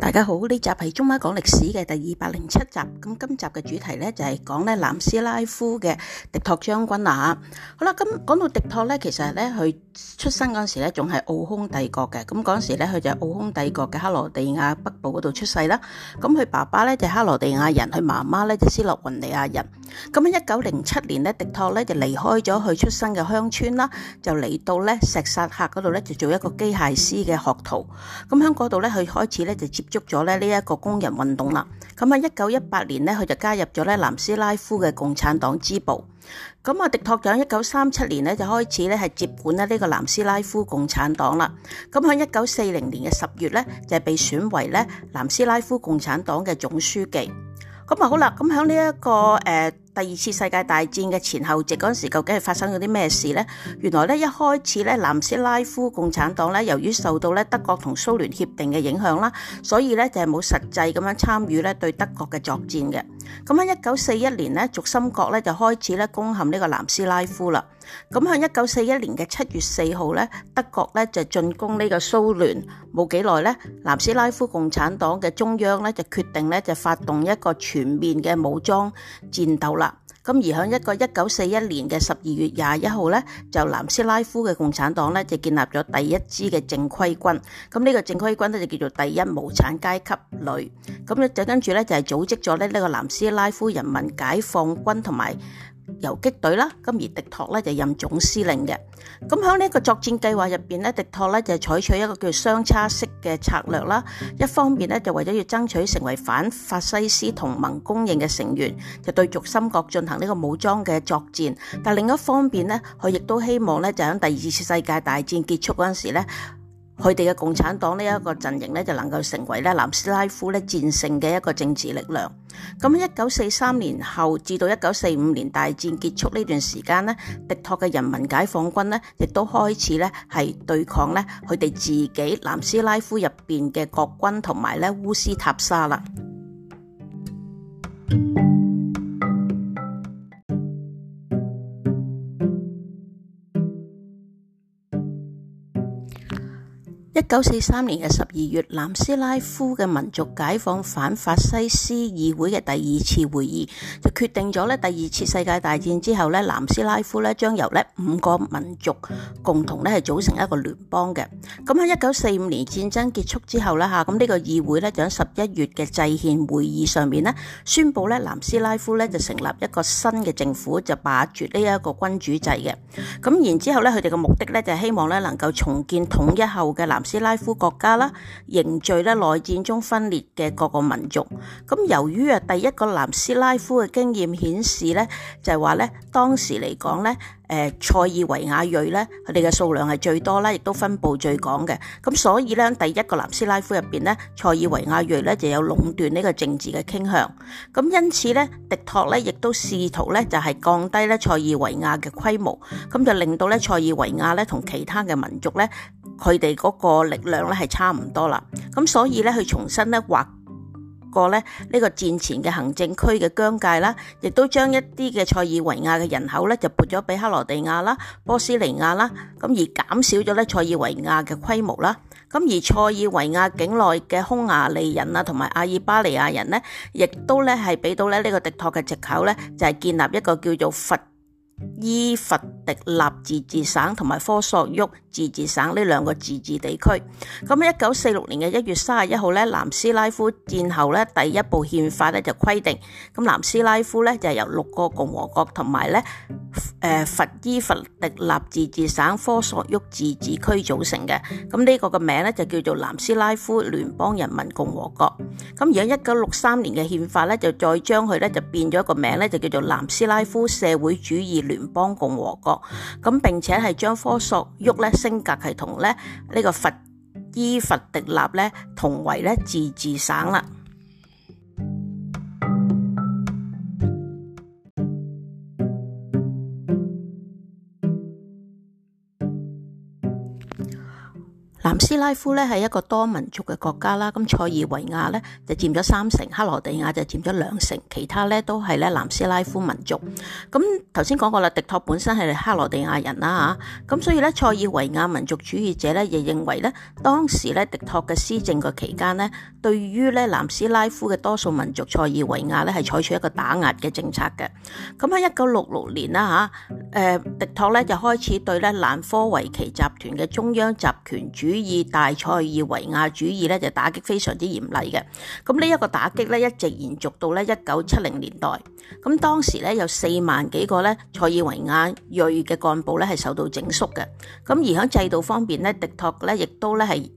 大家好，呢集係《中文講歷史》嘅第二百零七集，咁今集嘅主題咧就係講咧南斯拉夫嘅迪托將軍啦吓。好啦，咁講到迪托咧，其實咧佢出生嗰時咧仲係奧匈帝國嘅，咁嗰時咧佢就奧匈帝國嘅克羅地亞北部嗰度出世啦，咁佢爸爸咧就克羅地亞人，佢媽媽咧就斯洛文尼亞人。咁喺一九零七年咧，狄托咧就離開咗佢出生嘅鄉村啦，就嚟到咧石薩客嗰度咧，就做一個機械師嘅學徒。咁喺嗰度咧，佢開始咧就接觸咗咧呢一個工人運動啦。咁喺一九一八年咧，佢就加入咗咧南斯拉夫嘅共產黨支部。咁啊，狄托就喺一九三七年咧就開始咧係接管咧呢個南斯拉夫共產黨啦。咁喺一九四零年嘅十月咧，就係被選為咧南斯拉夫共產黨嘅總書記。咁啊好啦，咁喺呢一個誒。呃第二次世界大戰嘅前後，即嗰陣時，究竟係發生咗啲咩事呢？原來咧，一開始咧，南斯拉夫共產黨咧，由於受到咧德國同蘇聯協定嘅影響啦，所以咧就係冇實際咁樣參與咧對德國嘅作戰嘅。咁喺一九四一年咧，軸心國咧就開始咧攻陷呢個南斯拉夫啦。咁喺一九四一年嘅七月四號咧，德國咧就進攻呢個蘇聯，冇幾耐咧，南斯拉夫共產黨嘅中央咧就決定咧就發動一個全面嘅武裝戰鬥啦。而喺一個一九四一年嘅十二月廿一號咧，就南斯拉夫嘅共產黨咧就建立咗第一支嘅正規軍。咁呢個正規軍咧就叫做第一無產階級旅。咁就跟住咧就係組織咗呢個南斯拉夫人民解放軍同埋。游擊隊啦，咁而狄托咧就任總司令嘅。咁喺呢個作戰計劃入邊咧，狄托咧就採取一個叫相差式嘅策略啦。一方面咧就為咗要爭取成為反法西斯同盟公認嘅成員，就對軸心國進行呢個武裝嘅作戰。但另一方面咧，佢亦都希望咧就喺第二次世界大戰結束嗰陣時咧。佢哋嘅共產黨呢一個陣營呢，就能夠成為呢南斯拉夫呢戰勝嘅一個政治力量。咁一九四三年後至到一九四五年大戰結束呢段時間呢，狄托嘅人民解放軍呢，亦都開始呢係對抗呢佢哋自己南斯拉夫入邊嘅國軍同埋呢烏斯塔沙啦。一九四三年嘅十二月，南斯拉夫嘅民族解放反法西斯議會嘅第二次會議就決定咗咧，第二次世界大戰之後咧，南斯拉夫咧將由咧五個民族共同咧係組成一個聯邦嘅。咁喺一九四五年戰爭結束之後咧，吓咁呢個議會咧就喺十一月嘅制憲會議上面咧宣布咧南斯拉夫咧就成立一個新嘅政府，就罷黜呢一個君主制嘅。咁然之後咧，佢哋嘅目的咧就係希望咧能夠重建統一後嘅南。斯拉夫國家啦，凝聚咧內戰中分裂嘅各個民族。咁由於啊，第一個南斯拉夫嘅經驗顯示咧，就係話咧，當時嚟講咧。誒塞爾維亞裔咧，佢哋嘅數量係最多啦，亦都分布最廣嘅。咁所以咧，第一個南斯拉夫入邊咧，塞爾維亞裔咧就有壟斷呢個政治嘅傾向。咁因此咧，狄托咧亦都試圖咧就係降低咧塞爾維亞嘅規模，咁就令到咧塞爾維亞咧同其他嘅民族咧，佢哋嗰個力量咧係差唔多啦。咁所以咧，佢重新咧劃。不過呢個戰前嘅行政區嘅疆界啦，亦都將一啲嘅塞爾維亞嘅人口咧就撥咗俾克羅地亞啦、波斯尼亞啦，咁而減少咗咧塞爾維亞嘅規模啦，咁而塞爾維亞境內嘅匈牙利人啊同埋阿爾巴尼亞人呢，亦都咧係俾到咧呢個狄托嘅藉口咧，就係、是、建立一個叫做佛。伊佛迪納自治省同埋科索沃自治省呢兩個自治地區，咁一九四六年嘅一月三十一號咧，南斯拉夫戰後咧第一部憲法咧就規定，咁南斯拉夫咧就由六個共和國同埋咧誒，伊、呃、佛迪納自治省、科索沃自治區組成嘅，咁呢個嘅名咧就叫做南斯拉夫聯邦人民共和國，咁而家一九六三年嘅憲法咧就再將佢咧就變咗一個名咧就叫做南斯拉夫社會主義。聯邦共和國，咁並且係將科索沃升格係同呢個佛伊佛迪納同為自治省啦。斯拉夫咧係一個多民族嘅國家啦，咁塞爾維亞咧就佔咗三成，克羅地亞就佔咗兩成，其他咧都係咧南斯拉夫民族。咁頭先講過啦，狄托本身係克羅地亞人啦嚇，咁所以咧塞爾維亞民族主義者咧亦認為咧當時咧狄托嘅施政嘅期間呢，對於咧南斯拉夫嘅多數民族塞爾維亞咧係採取一個打壓嘅政策嘅。咁喺一九六六年啦嚇，誒狄托咧就開始對咧蘭科維奇集團嘅中央集權主義。以大塞爾維亞主義咧就打擊非常之嚴厲嘅，咁呢一個打擊咧一直延續到咧一九七零年代，咁當時咧有四萬幾個咧塞爾維亞裔嘅幹部咧係受到整肅嘅，咁而喺制度方面咧，狄托咧亦都咧係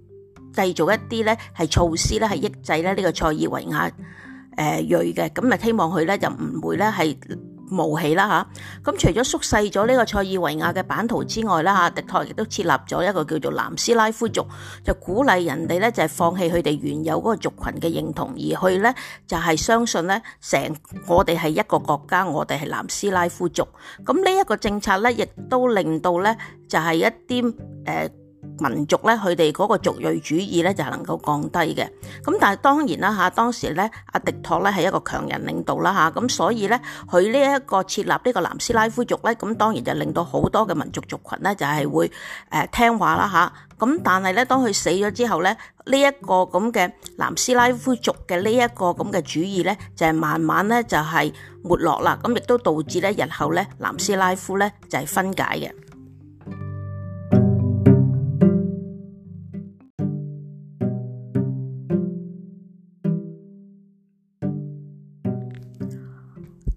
製造一啲咧係措施咧係抑制咧呢個塞爾維亞誒裔嘅，咁啊希望佢咧就唔會咧係。武器啦嚇，咁除咗縮細咗呢個塞爾維亞嘅版圖之外啦嚇，狄托亦都設立咗一個叫做南斯拉夫族，就鼓勵人哋咧就係放棄佢哋原有嗰個族群嘅認同，而去咧就係相信咧成我哋係一個國家，我哋係南斯拉夫族。咁呢一個政策咧，亦都令到咧就係一啲誒。民族咧，佢哋嗰個族裔主義咧就係能夠降低嘅。咁但係當然啦嚇，當時咧阿狄托咧係一個強人領導啦嚇，咁所以咧佢呢一個設立呢個南斯拉夫族咧，咁當然就令到好多嘅民族族群咧就係會誒聽話啦嚇。咁但係咧，當佢死咗之後咧，呢一個咁嘅南斯拉夫族嘅呢一個咁嘅主義咧，就係慢慢咧就係沒落啦。咁亦都導致咧日後咧南斯拉夫咧就係分解嘅。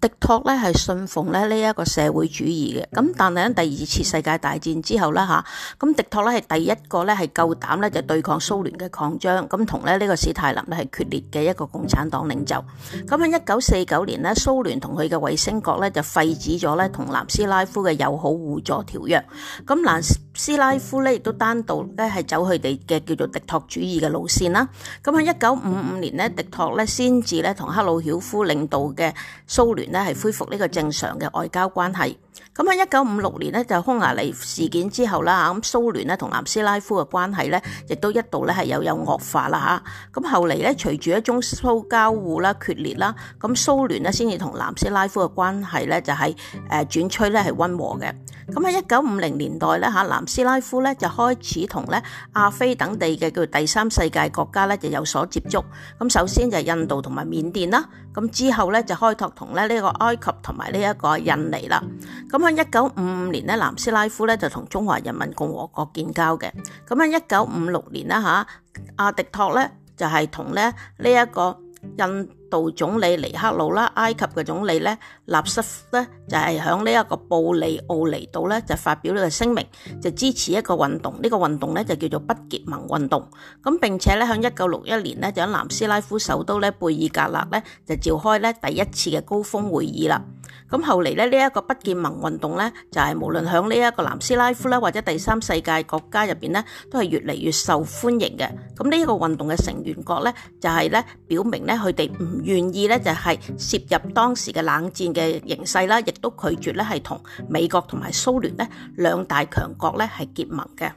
迪托咧係信奉咧呢一個社會主義嘅，咁但係喺第二次世界大戰之後啦吓，咁迪托咧係第一個咧係夠膽咧就對抗蘇聯嘅擴張，咁同咧呢個史泰林咧係決裂嘅一個共產黨領袖。咁喺一九四九年呢，蘇聯同佢嘅衛星國咧就廢止咗咧同南斯拉夫嘅友好互助條約，咁南斯。斯拉夫咧亦都單獨咧係走佢哋嘅叫做狄托主義嘅路線啦。咁喺一九五五年呢，狄托咧先至咧同赫魯曉夫領導嘅蘇聯呢係恢復呢個正常嘅外交關係。咁喺一九五六年呢，就匈牙利事件之後啦嚇，咁蘇聯呢同南斯拉夫嘅關係咧亦都一度咧係又有惡化啦嚇。咁後嚟咧隨住一宗蘇交互啦決裂啦，咁蘇聯呢先至同南斯拉夫嘅關係咧就係誒轉趨咧係溫和嘅。咁喺一九五零年代咧嚇南。斯拉夫咧就開始同咧亞非等地嘅叫第三世界國家咧就有所接觸，咁首先就印度同埋緬甸啦，咁之後咧就開拓同咧呢個埃及同埋呢一個印尼啦，咁喺一九五五年咧南斯拉夫咧就同中華人民共和國建交嘅，咁喺一九五六年啦嚇，阿迪托咧就係同咧呢一個。印度總理尼克魯啦，埃及嘅總理咧納瑟咧就係響呢一個布里奧尼島咧就發表呢個聲明，就支持一個運動，呢、這個運動咧就叫做不結盟運動。咁並且咧響一九六一年咧就喺南斯拉夫首都咧貝爾格勒咧就召開咧第一次嘅高峰會議啦。咁後嚟咧，呢一個不結盟運動呢，就係無論喺呢一個南斯拉夫啦，或者第三世界國家入邊呢，都係越嚟越受歡迎嘅。咁呢一個運動嘅成員國呢，就係呢，表明呢，佢哋唔願意呢，就係涉入當時嘅冷戰嘅形勢啦，亦都拒絕呢，係同美國同埋蘇聯呢兩大強國呢，係結盟嘅。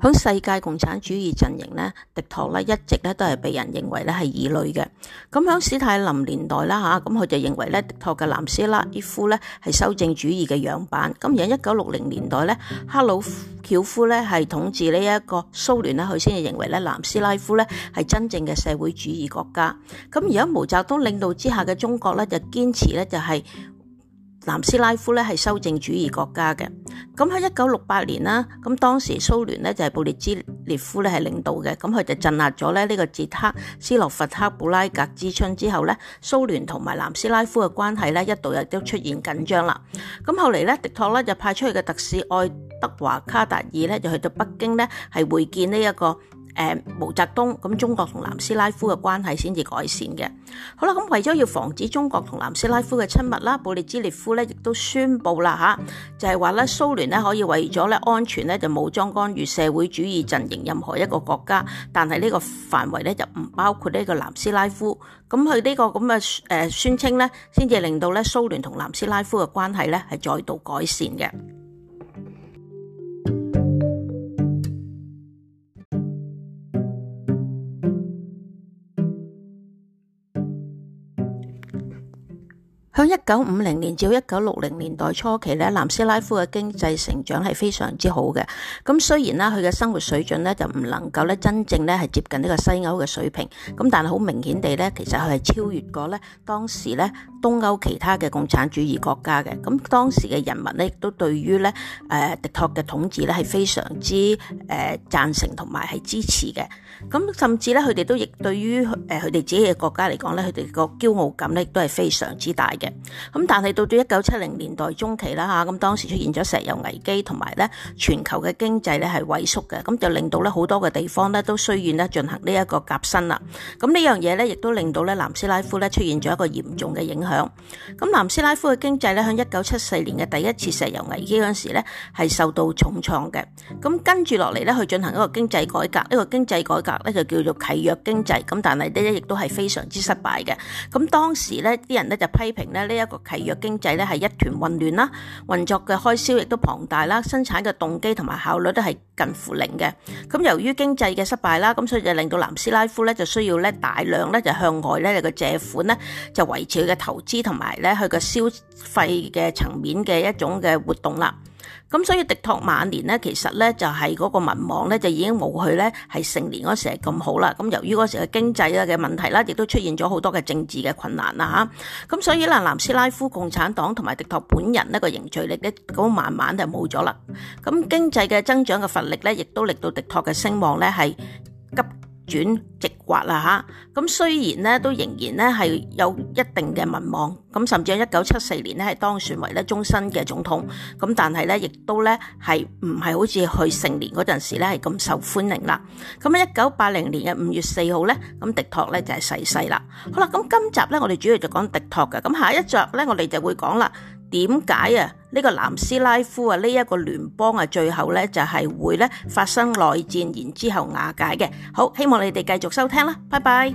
喺世界共產主義陣營咧，狄托咧一直咧都係被人認為咧係異類嘅。咁喺史泰林年代啦嚇，咁佢就認為咧狄托嘅南斯拉夫咧係修正主義嘅樣板。咁而喺一九六零年代咧，赫魯曉夫咧係統治呢一個蘇聯啦，佢先至認為咧南斯拉夫咧係真正嘅社會主義國家。咁而喺毛澤東領導之下嘅中國咧，就堅持咧就係、是。南斯拉夫咧係修正主義國家嘅，咁喺一九六八年啦，咁當時蘇聯呢就係布列茲列夫咧係領導嘅，咁佢就鎮壓咗咧呢個捷克斯洛伐克布拉格之春之後呢，蘇聯同埋南斯拉夫嘅關係咧一度亦都出現緊張啦。咁後嚟呢，狄托咧就派出去嘅特使愛德華卡達爾呢，就去到北京呢，係會見呢、這、一個。誒毛澤東咁，中國同南斯拉夫嘅關係先至改善嘅。好啦，咁為咗要防止中國同南斯拉夫嘅親密啦，布列茲列夫咧亦都宣布啦吓，就係話咧蘇聯咧可以為咗咧安全咧就武裝干預社會主義陣營任何一個國家，但係呢個範圍咧就唔包括呢個南斯拉夫。咁佢呢個咁嘅誒宣稱咧，先至令到咧蘇聯同南斯拉夫嘅關係咧係再度改善嘅。響一九五零年至一九六零年代初期，南斯拉夫嘅經濟成長係非常之好嘅。咁雖然啦，佢嘅生活水準咧就唔能夠咧真正咧係接近呢個西歐嘅水平，咁但係好明顯地咧，其實佢係超越過咧當時咧。東歐其他嘅共產主義國家嘅，咁當時嘅人民呢，亦都對於咧誒、呃、狄托嘅統治咧係非常之誒、呃、贊成同埋係支持嘅，咁甚至咧佢哋都亦對於誒佢哋自己嘅國家嚟講咧，佢哋個驕傲感咧亦都係非常之大嘅。咁但係到咗一九七零年代中期啦嚇，咁、啊、當時出現咗石油危機同埋咧全球嘅經濟咧係萎縮嘅，咁就令到咧好多嘅地方咧都需要咧進行呢一個革新啦，咁呢樣嘢咧亦都令到咧南斯拉夫咧出現咗一個嚴重嘅影響。響咁南斯拉夫嘅經濟咧，喺一九七四年嘅第一次石油危機嗰時咧，係受到重創嘅。咁跟住落嚟咧，去進行一個經濟改革，呢個經濟改革咧就叫做契約經濟。咁但係咧，亦都係非常之失敗嘅。咁當時咧，啲人咧就批評咧呢一個契約經濟咧係一團混亂啦，運作嘅開銷亦都龐大啦，生產嘅動機同埋效率都係近乎零嘅。咁由於經濟嘅失敗啦，咁所以就令到南斯拉夫咧就需要咧大量咧就向外咧個借款咧就維持佢嘅投投資同埋咧，佢個消費嘅層面嘅一種嘅活動啦。咁所以，狄托晚年咧，其實咧就係嗰個民望咧，就已經冇佢咧係成年嗰時係咁好啦。咁由於嗰時嘅經濟啊嘅問題啦，亦都出現咗好多嘅政治嘅困難啦吓。咁所以啦，南斯拉夫共產黨同埋狄托本人呢個凝聚力咧，都慢慢就冇咗啦。咁經濟嘅增長嘅乏力咧，亦都令到狄托嘅聲望咧係急。轉直滑啦吓，咁、啊、雖然咧都仍然咧係有一定嘅民望，咁、啊、甚至係一九七四年咧係當選為咧終身嘅總統，咁、啊、但係咧亦都咧係唔係好似去成年嗰陣時咧係咁受歡迎啦，咁一九八零年嘅五月四號咧，咁狄托咧就係逝世啦。好啦，咁、啊、今集咧我哋主要就講狄托嘅，咁、啊、下一集咧我哋就會講啦。點解啊？呢個南斯拉夫啊，呢一個聯邦啊，最後呢就係會呢發生內戰，然之後瓦解嘅。好，希望你哋繼續收聽啦，拜拜。